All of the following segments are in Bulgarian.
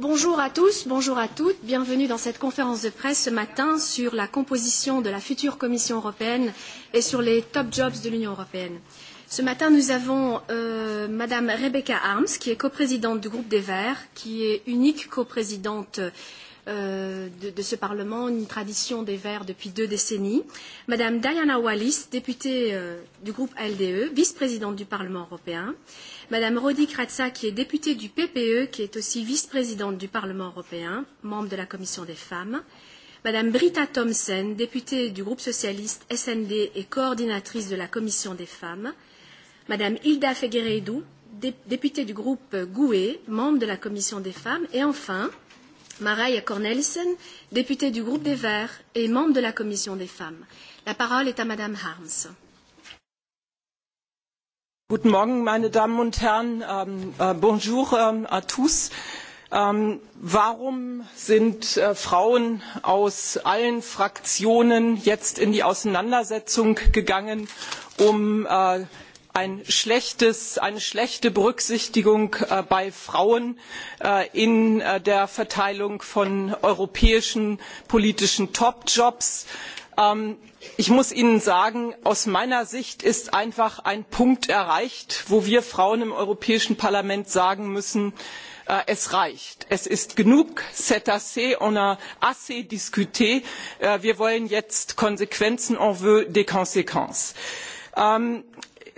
Bonjour à tous, bonjour à toutes, bienvenue dans cette conférence de presse ce matin sur la composition de la future Commission européenne et sur les top jobs de l'Union européenne. Ce matin, nous avons euh, Madame Rebecca Arms, qui est coprésidente du groupe des Verts, qui est unique coprésidente de, de ce Parlement, une tradition des Verts depuis deux décennies. Madame Diana Wallis, députée du groupe LDE, vice-présidente du Parlement européen. Madame Rodi Kratza, qui est députée du PPE, qui est aussi vice-présidente du Parlement européen, membre de la Commission des femmes. Madame Britta Thomsen, députée du groupe socialiste SND et coordinatrice de la Commission des femmes. Madame Hilda Fegueredou, députée du groupe GUE, membre de la Commission des femmes. Et enfin, euh, Mareille Cornelissen, députée du groupe des Verts et membre de la commission des femmes. La parole est à Madame Harms. Guten Morgen, meine Damen und Herren. Ähm, äh, bonjour äh, à tous. Ähm, warum sind äh, Frauen aus allen Fraktionen jetzt in die Auseinandersetzung gegangen, um äh, eine schlechte Berücksichtigung bei Frauen in der Verteilung von europäischen politischen Topjobs. Ich muss Ihnen sagen, aus meiner Sicht ist einfach ein Punkt erreicht, wo wir Frauen im Europäischen Parlament sagen müssen, es reicht. Es ist genug. C'est assez, on a assez discuté. Wir wollen jetzt Konsequenzen, on veut des conséquences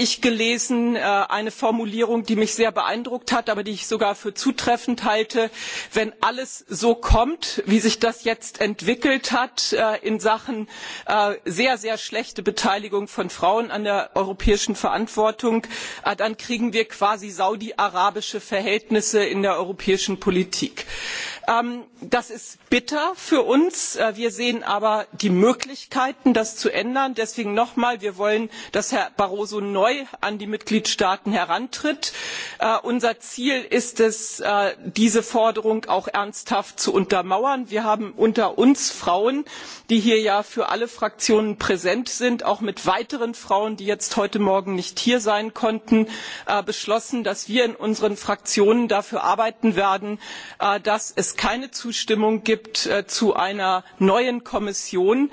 ich gelesen eine formulierung die mich sehr beeindruckt hat aber die ich sogar für zutreffend halte wenn alles so kommt wie sich das jetzt entwickelt hat in sachen sehr sehr schlechte beteiligung von frauen an der europäischen verantwortung dann kriegen wir quasi saudi arabische verhältnisse in der europäischen politik das ist bitter für uns wir sehen aber die möglichkeiten das zu ändern. deswegen noch einmal wir wollen dass herr barroso neu an die mitgliedstaaten herantritt. unser ziel ist es diese forderung auch ernsthaft zu untermauern. wir haben unter uns frauen die hier ja für alle fraktionen präsent sind auch mit weiteren frauen die jetzt heute morgen nicht hier sein konnten beschlossen dass wir in unseren fraktionen dafür arbeiten werden dass keine zustimmung gibt zu einer neuen kommission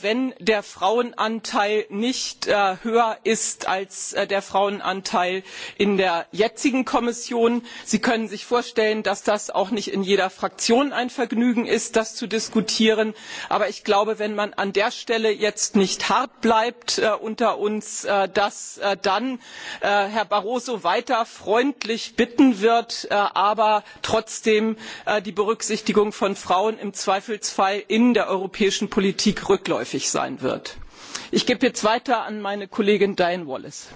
wenn der frauenanteil nicht höher ist als der frauenanteil in der jetzigen kommission. sie können sich vorstellen dass das auch nicht in jeder fraktion ein vergnügen ist das zu diskutieren aber ich glaube wenn man an der stelle jetzt nicht hart bleibt unter uns dass dann herr barroso weiter freundlich bitten wird aber trotzdem die berücksichtigung von frauen im zweifelsfall in der europäischen politik rückläufig sein wird. ich gebe jetzt weiter an meine kollegin diane wallis.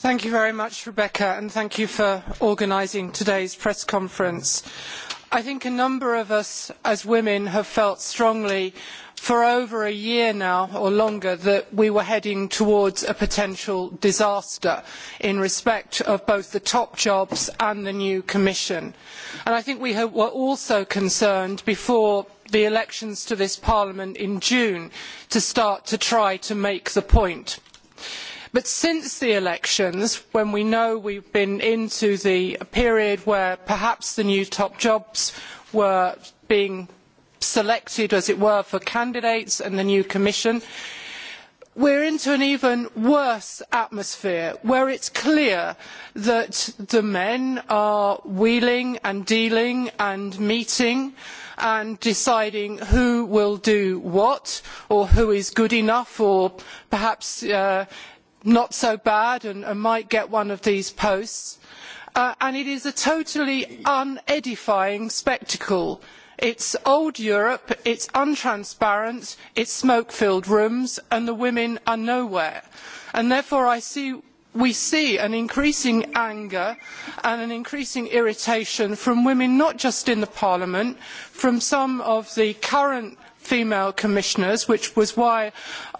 thank you very much rebecca and thank you for organising today's press conference. i think a number of us as women have felt strongly for over a year now or longer that we were heading towards a potential disaster in respect of both the top jobs and the new commission. I think we were also concerned before the elections to this parliament in June to start to try to make the point. But since the elections, when we know we have been into the period where perhaps the new top jobs were being selected, as it were, for candidates and the new Commission. We are into an even worse atmosphere where it is clear that the men are wheeling and dealing and meeting and deciding who will do what or who is good enough or perhaps not so bad and might get one of these posts. and it is a totally unedifying spectacle It is old Europe, it is untransparent, it is smoke-filled rooms, and the women are nowhere. therefore we see an increasing anger and an increasing irritation from women not just in parliament from some of the current female commissioners which was why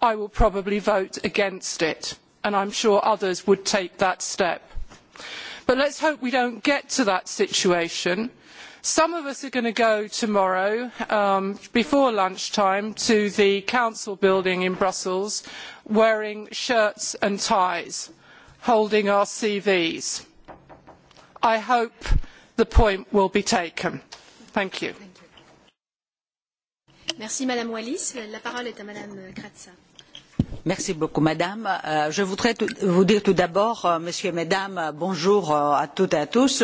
i will probably vote against it and i am sure others would take that step. but let us hope we do not get to that situation. some of us are going to go tomorrow before lunchtime to the council building in brussels wearing shirts and ties holding our cvs. i hope the point will be taken. thank you. Merci beaucoup, madame. je voudrais vous dire tout d'abord, messieurs, mesdames, bonjour à toutes et à tous,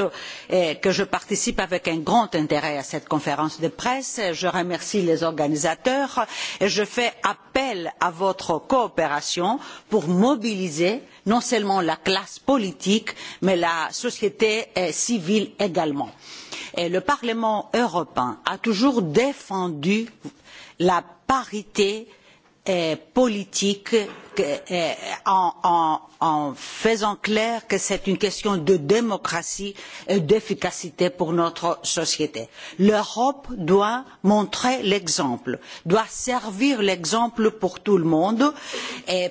et que je participe avec un grand intérêt à cette conférence de presse. Je remercie les organisateurs et je fais appel à votre coopération pour mobiliser non seulement la classe politique, mais la société civile également. le Parlement européen a toujours défendu la parité politique en, faisant clair que c'est une question de démocratie et d'efficacité pour notre société. L'Europe doit montrer l'exemple, doit servir l'exemple pour tout le monde,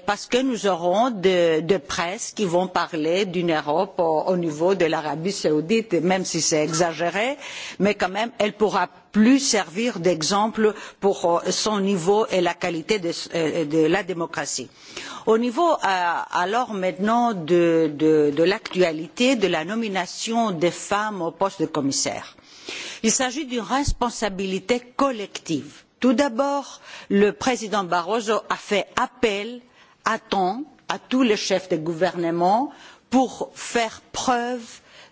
parce que nous aurons des de presse qui vont parler d'une Europe au, niveau de l'Arabie saoudite, même si c'est exagéré, mais quand même, elle pourra plus servir d'exemple pour son niveau et la qualité de la démocratie. Au niveau alors maintenant de, l'actualité de la nomination des femmes au poste de commissaire, il s'agit d'une responsabilité collective. Tout d'abord, le président Barroso a fait appel à temps à tous les chefs de gouvernement pour faire preuve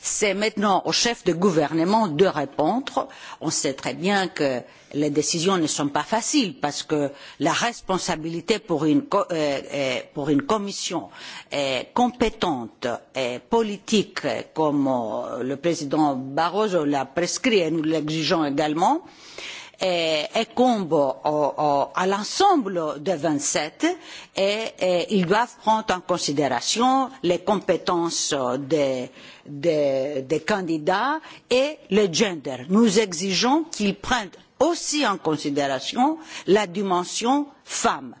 C'est maintenant au chef de gouvernement de répondre. On sait très bien que les décisions ne sont pas faciles parce que la responsabilité pour une, commission compétente et politique comme le président Barroso l'a prescrit et nous l'exigeons également, euh, incombe à l'ensemble des vingt sept et ils doivent prendre en considération les compétences des candidats et le gender. Nous exigeons qu'ils prennent aussi en considération la dimension femme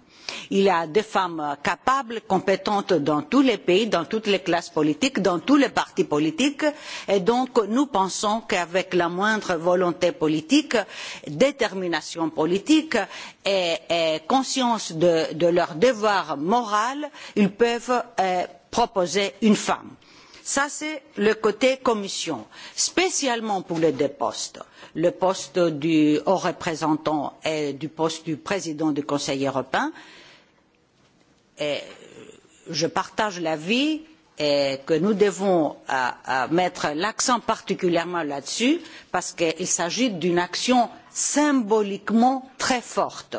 Il y a des femmes capables, compétentes dans tous les pays, dans toutes les classes politiques, dans tous les partis politiques. Et donc, nous pensons qu'avec la moindre volonté politique, détermination politique et, conscience de, leur devoir moral, ils peuvent proposer une femme. Ça, c'est le côté commission, spécialement pour les deux postes, le poste du haut représentant et du poste du président du Conseil européen je partage l'avis que nous devons mettre l'accent particulièrement là dessus parce qu'il s'agit d'une action symboliquement très forte.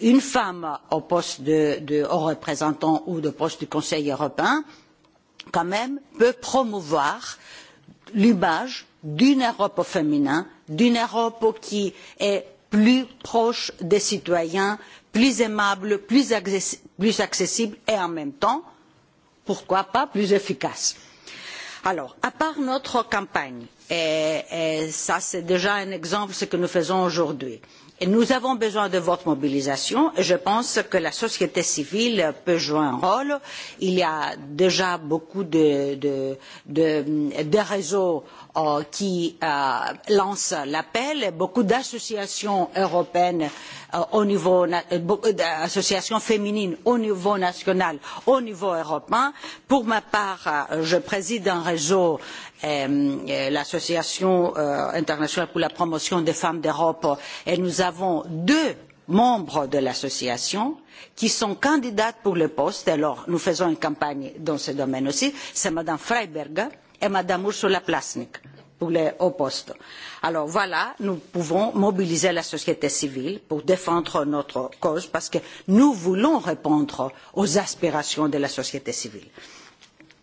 une femme au poste de haut représentant ou au poste du conseil européen quand même peut promouvoir l'image d'une europe au féminin d'une europe qui est plus proche des citoyens, plus aimable, plus, accessible et en même temps, pourquoi pas, plus efficace. Alors, à part notre campagne, et, c'est déjà un exemple de ce que nous faisons aujourd'hui, nous avons besoin de votre mobilisation et je pense que la société civile peut jouer un rôle. Il y a déjà beaucoup de, réseaux qui lancent l'appel, beaucoup d'associations européennes au niveau d'associations féminines au niveau national, au niveau européen. Pour ma part, je préside un réseau l'Association internationale pour la promotion des femmes d'Europe et nous avons deux membres de l'association qui sont candidates pour le poste. Alors, nous faisons une campagne dans ce domaine aussi. C'est Mme Freiberger et Mme Ursula Plasnik pour les hauts postes. Alors voilà, nous pouvons mobiliser la société civile pour défendre notre cause parce que nous voulons répondre aux aspirations de la société civile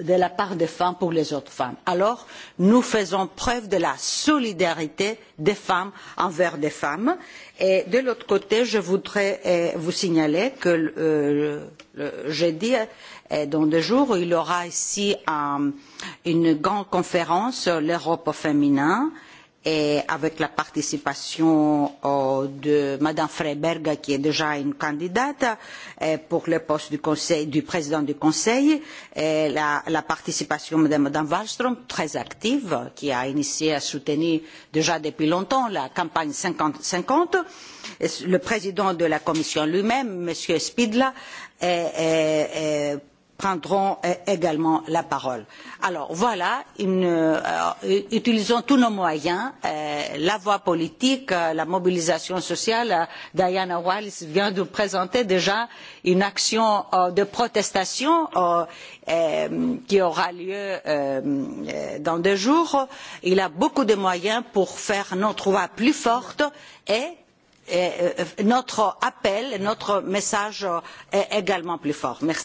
de la part des femmes pour les autres femmes. Alors, nous faisons preuve de la solidarité des femmes envers les femmes. Et de l'autre côté, je voudrais vous signaler que jeudi, dans deux jours, il y aura ici une grande conférence sur l'Europe féminin. Euh, et avec la participation de Mme Freiberg, qui est déjà une candidate pour le poste du, président du Conseil, et la, participation de Mme Wallström, très active, qui a initié à soutenir déjà depuis longtemps la campagne cinquante cinquante, le président de la Commission lui-même, M. Spidla, prendront également la parole. Alors voilà, utilisons tous nos moyens, la voie politique, la mobilisation sociale. Diana Wallis vient de présenter déjà une action de protestation qui aura lieu dans deux jours. Il a beaucoup de moyens pour faire notre voix plus forte et notre appel, notre message est également plus fort. Merci.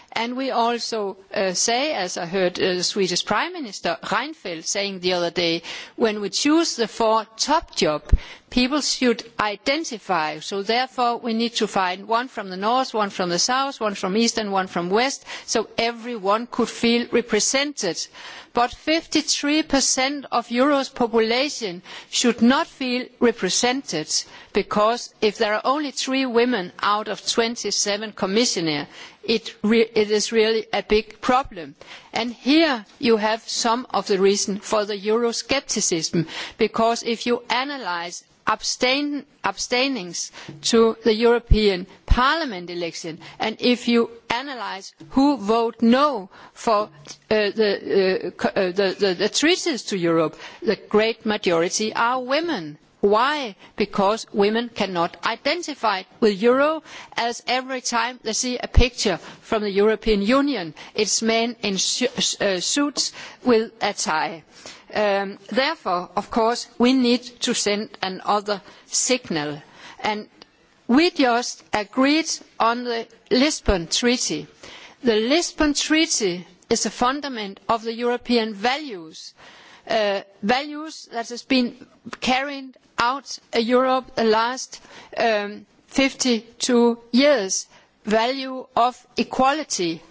And we also say, as I heard the Swedish Prime Minister Reinfeldt saying the other day, when we choose the four top jobs, people should identify. So therefore, we need to find one from the north, one from the south, one from east, and one from west, so everyone could feel represented. But fifty three of Europe's population should not feel represented, because if there are only three women out of twenty seven commissioners, it, is really a big problem. And here you have some of the reason for the Euroscepticism, because if you analyse abstentions to the European Parliament election, and if you analyse who voted no for the treaties to Europe, the great majority are women Why? Because women cannot identify with Euro as every time they see a picture from the European Union, it's men in suits with a tie. therefore, of course, we need to send another signal. And we just agreed on the Lisbon Treaty. The Lisbon Treaty is a fundament of the European values, values that have been carried out Europe the last fifty two years, value of equality.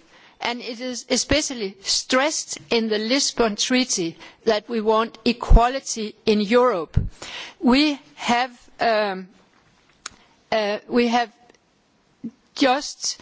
And it is especially stressed in the Lisbon Treaty that we want equality in Europe. We have just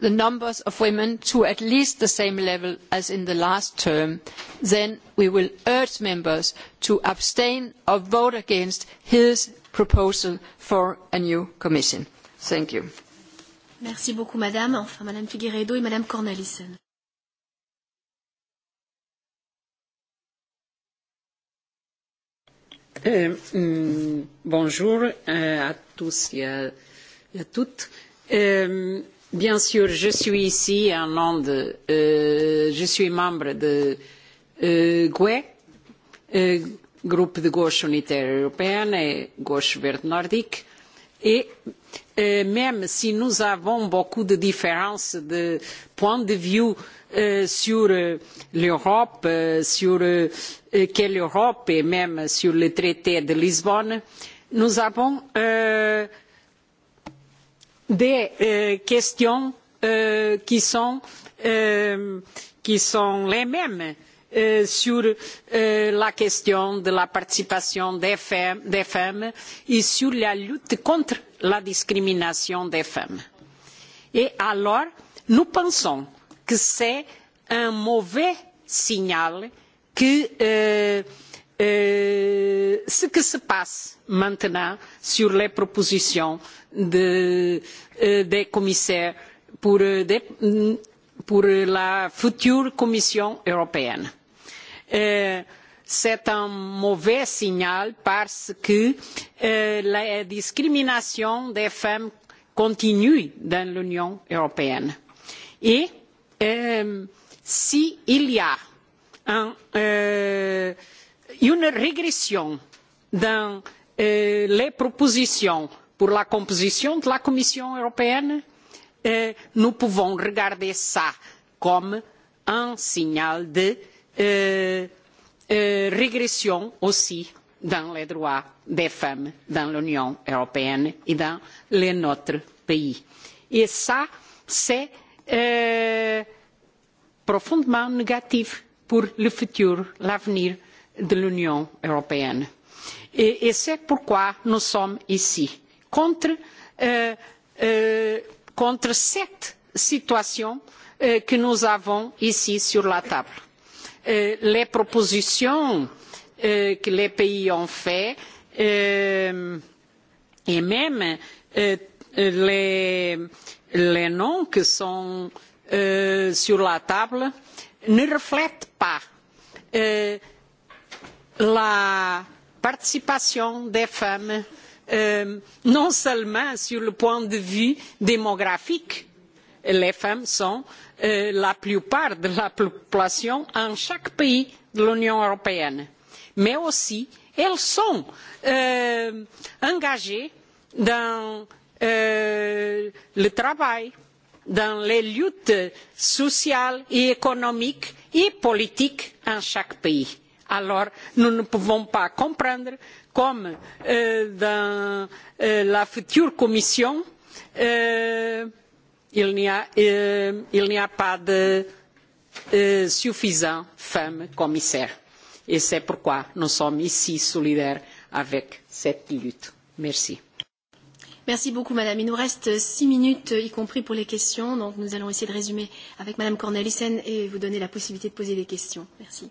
the numbers of women to at least the same level as in the last term, then we will urge members to abstain or vote against his proposal for a new commission. Thank you. Merci beaucoup, Madame. Enfin, Madame Figueredo et Madame Cornelissen. bonjour à tous et à, toutes Bien sûr, je suis ici en nom de, je suis membre de GUE, groupe de gauche unitaire européenne et gauche verte nordique, et même si nous avons beaucoup de différences de point de vue sur l'Europe, sur quelle Europe et même sur le traité de Lisbonne, nous avons euh, des questions qui sont, les mêmes sur la question de la participation des femmes et sur la lutte contre la discrimination des femmes. Et alors, nous pensons que c'est un mauvais signal que ce que se passe maintenant sur les propositions des commissaires pour, la future Commission européenne. C'est un mauvais signal parce que la discrimination des femmes continue dans l'Union européenne. Et s'il y a un une régression dans les propositions pour la composition de la Commission européenne, nous pouvons regarder cela comme un signal de régression aussi dans les droits des femmes dans l'Union européenne et dans notre pays. Et cela profundamente profondément négatif pour le futur, l'avenir de l'Union européenne. Et, c'est pourquoi nous sommes ici, contre, cette situation que nous avons ici sur la table. les propositions que les pays ont faites et même les, noms qui sont sur la table ne reflètent pas la participation des femmes non seulement sur le point de vue démographique, les femmes sont la plupart de la population en chaque pays de l'Union européenne, mais aussi elles sont engagées dans le travail, dans les luttes sociales et économiques et politiques en chaque pays Alors, nous ne pouvons pas comprendre comme dans la future Commission, il n'y a, pas de suffisant femmes commissaires. Et c'est pourquoi nous sommes ici solidaires avec cette lutte. Merci. Merci beaucoup, Madame. Il nous reste six minutes, y compris pour les questions. Donc, nous allons essayer de résumer avec Madame Cornelissen et vous donner la possibilité de poser des questions. Merci.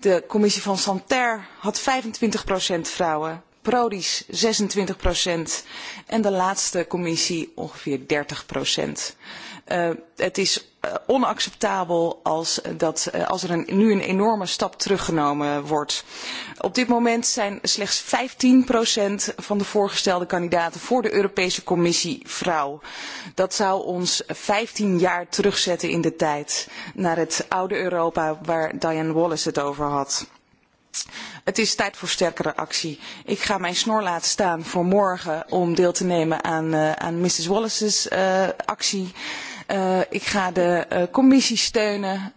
De commissie van Santerre had 25 procent vrouwen, Prodis 26 procent en de laatste commissie ongeveer 30 procent het is onacceptabel als, dat, als er nu een enorme stap teruggenomen wordt. Op dit moment zijn slechts 15% van de voorgestelde kandidaten voor de Europese Commissie vrouw. Dat zou ons 15 jaar terugzetten in de tijd naar het oude Europa waar Diane Wallace het over had. Het is tijd voor sterkere actie. Ik ga mijn snor laten staan voor morgen om deel te nemen aan, Mrs. Wallace's actie ik ga de commissie steunen,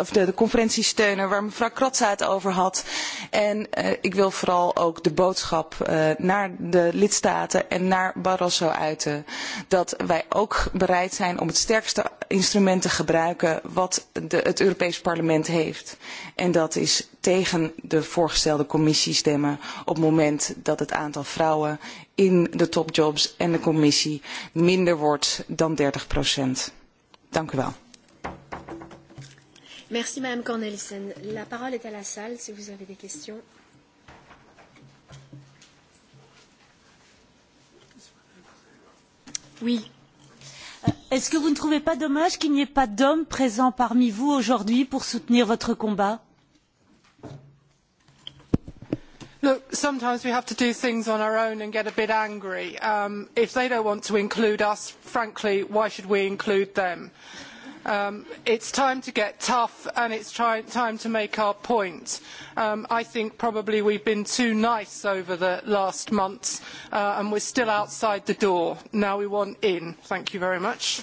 of de, conferentie steunen waar mevrouw Kratza het over had. En ik wil vooral ook de boodschap naar de lidstaten en naar Barroso uiten. Dat wij ook bereid zijn om het sterkste instrument te gebruiken wat het Europees Parlement heeft. En dat is tegen de voorgestelde commissie stemmen op het moment dat het aantal vrouwen in de topjobs en de commissie minder wordt dan 30 procent. Dank u wel. Merci Madame Cornelissen. La parole est à la salle si vous avez des questions. Oui. Est-ce que vous ne trouvez pas dommage qu'il n'y ait pas d'hommes présents parmi vous aujourd'hui pour soutenir votre combat Look, sometimes we have to do things on our own and get a bit angry. if they don't want to include us, frankly, why should we include them? It is time to get tough and it is time to make our point. I think probably we have been too nice over the last months and we are still outside the door. Now we want in. Thank you very much.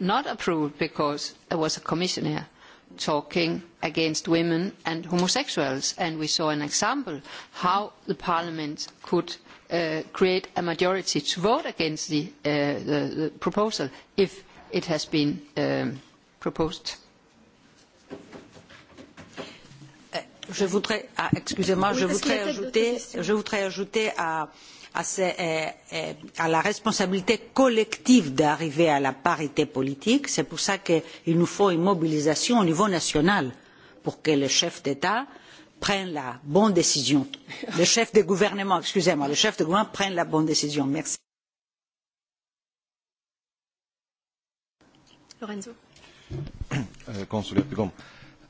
not approved because there was a commissioner talking against women and homosexuals and we saw an example of how the parliament could create a majority to vote against the proposal if it has been proposed. Je voudrais, ajouter, à à la responsabilité collective d'arriver à la parité politique. C'est pour cela qu'il nous faut une mobilisation au niveau national pour que les chefs d'État prennent la bonne décision. Les chefs de gouvernement, excusez-moi, les chefs de gouvernement prennent la bonne décision. Merci. Lorenzo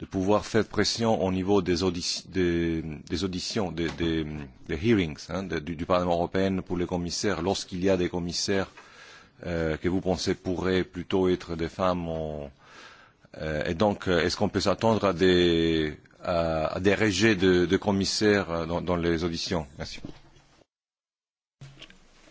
de pouvoir faire pression au niveau des, auditions, des, hearings du, Parlement européen pour les commissaires, lorsqu'il y a des commissaires que vous pensez pourraient plutôt être des femmes. et donc, est-ce qu'on peut s'attendre à des, à, des rejets de, commissaires dans, les auditions Merci. Euh,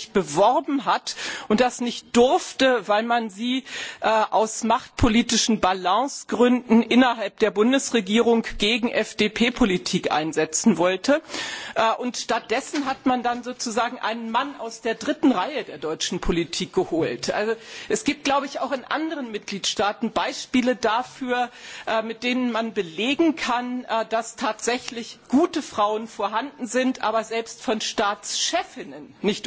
sich beworben hat und das nicht durfte weil man sie aus machtpolitischen balancegründen innerhalb der bundesregierung gegen fdp politik einsetzen wollte. stattdessen hat man dann sozusagen einen mann aus der dritten reihe der deutschen politik geholt. es gibt auch in anderen mitgliedstaaten beispiele dafür mit denen man belegen kann dass tatsächlich gute frauen vorhanden sind aber selbst von staatschefinnen nicht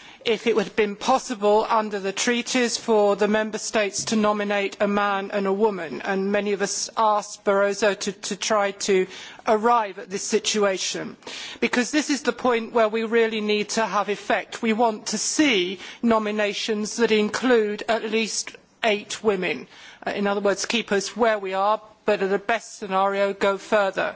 if it had been possible under the treaties for the member states to nominate a man and a woman. And many of us asked Barroso to, try to arrive at this situation because this is the point where we really need to have effect. We want to see nominations that include at least eight women. In other words, keep us where we are, but at the best scenario, go further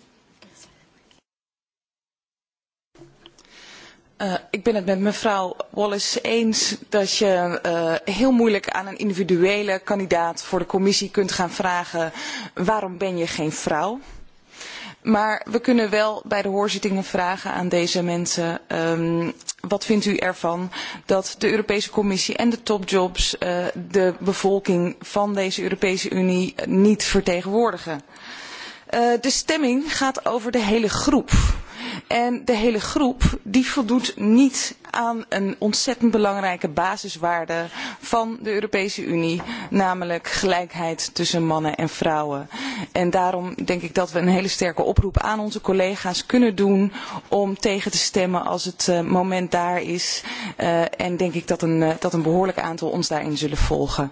ik ben het met mevrouw Wallace eens dat je heel moeilijk aan een individuele kandidaat voor de commissie kunt gaan vragen waarom ben je geen vrouw. Maar we kunnen wel bij de hoorzittingen vragen aan deze mensen wat vindt u ervan dat de Europese Commissie en de topjobs de bevolking van deze Europese Unie niet vertegenwoordigen. de stemming gaat over de hele groep En de hele groep die voldoet niet aan een ontzettend belangrijke basiswaarde van de Europese Unie, namelijk gelijkheid tussen mannen en vrouwen. En daarom denk ik dat we een hele sterke oproep aan onze collega's kunnen doen om tegen te stemmen als het moment daar is. en denk ik dat een, dat een behoorlijk aantal ons daarin zullen volgen.